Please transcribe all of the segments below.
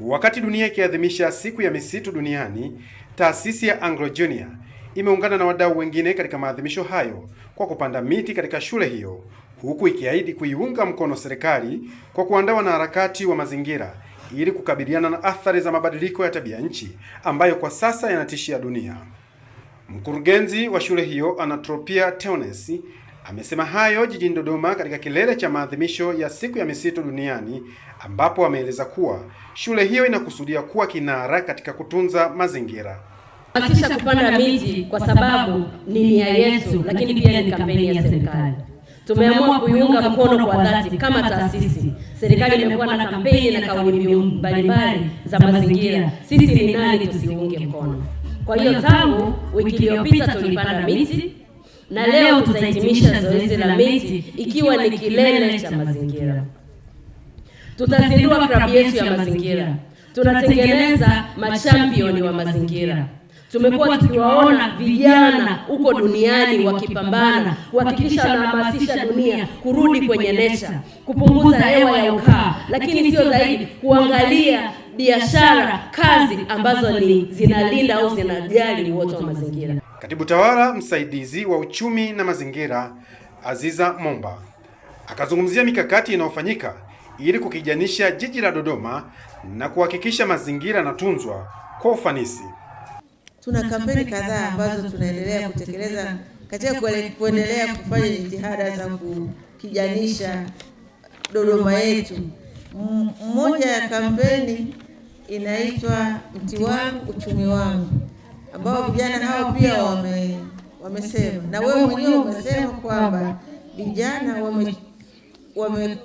Wakati dunia ikiadhimisha siku ya misitu duniani, taasisi ya Anglo Junior imeungana na wadau wengine katika maadhimisho hayo kwa kupanda miti katika shule hiyo, huku ikiahidi kuiunga mkono serikali kwa kuandaa wanaharakati wa mazingira ili kukabiliana na athari za mabadiliko ya tabia nchi ambayo kwa sasa yanatishia dunia. Mkurugenzi wa shule hiyo Anatropia Theones Amesema hayo jijini Dodoma katika kilele cha maadhimisho ya siku ya misitu duniani ambapo ameeleza kuwa shule hiyo inakusudia kuwa kinara katika kutunza mazingira. Hakisha kupanda miti kwa sababu ni nia yetu, lakini pia ni kampeni ya serikali. Tumeamua kuiunga mkono kwa dhati kama taasisi. Serikali imekuwa na kampeni na kauli mbiu mbalimbali za mazingira. Sisi ni nani tusiunge mkono? Kwa hiyo tangu wiki iliyopita tulipanda miti na leo tutahitimisha zoezi la miti ikiwa ni kilele cha mazingira. Tutazindua klabu yetu ya mazingira, tunatengeneza machampioni wa mazingira. Tumekuwa tukiwaona vijana huko duniani wakipambana kuhakikisha wanahamasisha dunia kurudi kwenye necha kupunguza hewa ya ukaa, lakini sio zaidi kuangalia biashara, kazi ambazo ni zinalinda au zinajali uoto wa mazingira. Katibu tawala msaidizi wa uchumi na mazingira Aziza Momba akazungumzia mikakati inayofanyika ili kukijanisha jiji la Dodoma na kuhakikisha mazingira yanatunzwa kwa ufanisi. Tuna kampeni kadhaa ambazo tunaendelea kutekeleza katika kuendelea kufanya jitihada za kukijanisha Dodoma yetu. Mmoja ya kampeni inaitwa mti wangu uchumi wangu ambao vijana hao pia wame, wamesema na wewe mwenyewe umesema kwamba vijana wame, wame,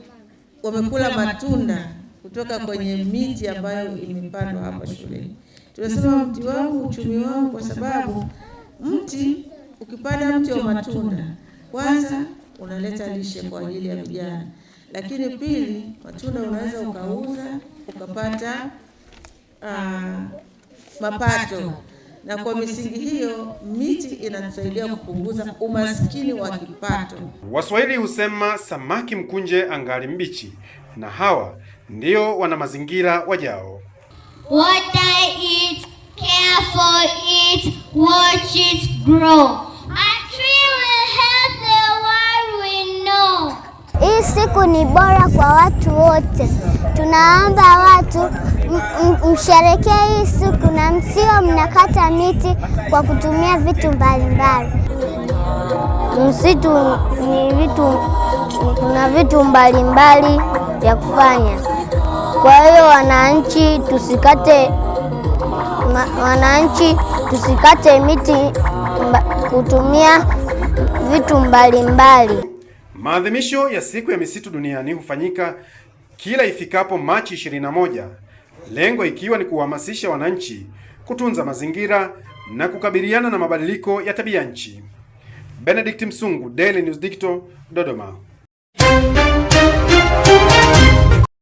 wamekula matunda kutoka kwenye miti ambayo imepandwa hapa shuleni. Tunasema mti wangu uchumi wangu, kwa sababu mti ukipanda mti wa matunda, kwanza unaleta lishe kwa ajili ya vijana, lakini pili, matunda unaweza ukauza ukapata uh, mapato na kwa misingi hiyo miti inatusaidia kupunguza umaskini wa kipato. Waswahili husema samaki mkunje angali mbichi, na hawa ndio wana mazingira wajao. What I eat, care for it, watch it grow. siku ni bora kwa watu wote. Tunaomba watu msherekee hii siku na msio mnakata miti kwa kutumia vitu mbalimbali. Msitu ni vitu, kuna vitu mbalimbali vya kufanya. Kwa hiyo wananchi tusikate, wananchi tusikate miti mba, kutumia vitu mbalimbali mbali. Maadhimisho ya siku ya misitu duniani hufanyika kila ifikapo Machi 21, lengo ikiwa ni kuhamasisha wananchi kutunza mazingira na kukabiliana na mabadiliko ya tabia nchi. Benedict Msungu, Daily News Digital, Dodoma.